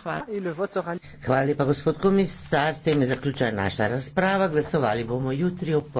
Hvala lepa, gospod komisar. S tem je zaključena naša razprava. Glasovali bomo jutri.